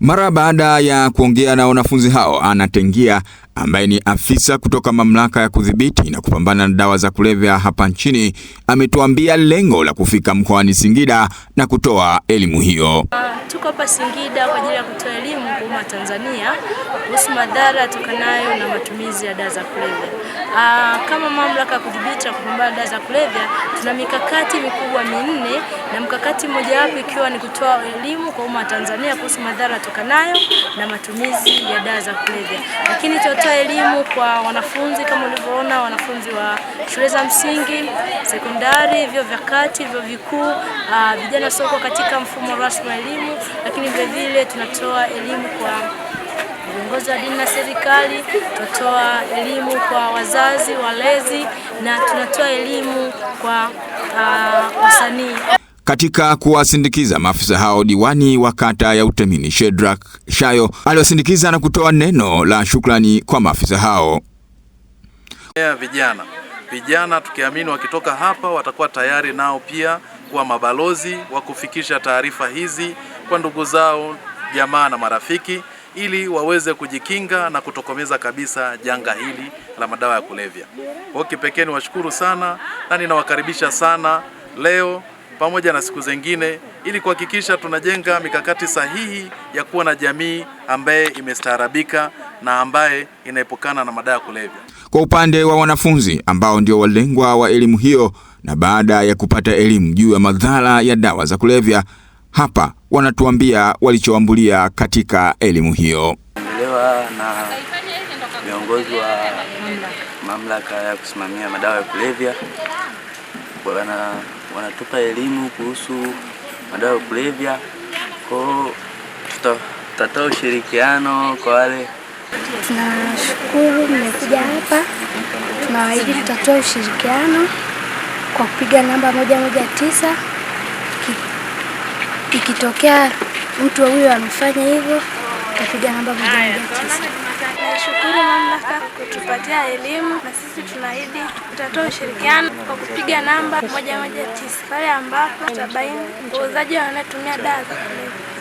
Mara baada ya kuongea na wanafunzi hao, anatengia ambaye ni afisa kutoka mamlaka ya kudhibiti na kupambana na dawa za kulevya hapa nchini ametuambia lengo la kufika mkoani Singida na kutoa elimu hiyo. Uh, tuko hapa Singida kwa ajili ya kutoa elimu kwa umma Tanzania kuhusu madhara tokanayo na matumizi ya dawa za kulevya. Uh, kama mamlaka ya kudhibiti na kupambana na dawa za kulevya tuna mikakati mikubwa minne na mkakati mmojawapo ikiwa ni kutoa elimu kwa umma Tanzania kuhusu madhara tokanayo na matumizi ya dawa za kulevya. Lakini tuto kutoa elimu kwa wanafunzi kama ulivyoona, wanafunzi wa shule za msingi, sekondari, vyuo vya kati, vyuo vikuu, ah, vijana soko katika mfumo rasmi wa elimu, lakini vilevile tunatoa elimu kwa viongozi wa dini na serikali, tunatoa elimu kwa wazazi, walezi na tunatoa elimu kwa ah, wasanii. Katika kuwasindikiza maafisa hao, diwani wa kata ya Utemini Shedrack Shayo aliwasindikiza na kutoa neno la shukrani kwa maafisa hao. Vijana vijana, tukiamini wakitoka hapa watakuwa tayari nao pia kuwa mabalozi wa kufikisha taarifa hizi kwa ndugu zao, jamaa na marafiki, ili waweze kujikinga na kutokomeza kabisa janga hili la madawa ya kulevya. Kwa kipekee ni washukuru sana na ninawakaribisha sana leo pamoja na siku zingine ili kuhakikisha tunajenga mikakati sahihi ya kuwa na jamii ambaye imestaarabika na ambaye inaepukana na madawa ya kulevya. Kwa upande wa wanafunzi ambao ndio walengwa wa elimu hiyo, na baada ya kupata elimu juu ya madhara ya dawa za kulevya, hapa wanatuambia walichoambulia katika elimu hiyo. Elewa na viongozi wa mamlaka ya kusimamia madawa ya kulevya bwana wanatupa elimu kuhusu madawa ya kulevya. Kwao tutatoa ushirikiano kwa wale. Tunashukuru mmekuja hapa, tunawaahidi tutatoa ushirikiano kwa kupiga namba moja moja tisa ikitokea mtu huyo amefanya hivyo, tutapiga namba moja moja tisa. Tunashukuru mamlaka kutupatia elimu na sisi tunaahidi tutatoa ushirikiano kwa kupiga namba moja moja tisa pale ambapo tutabaini wauzaji wanatumia dawa za kulevya.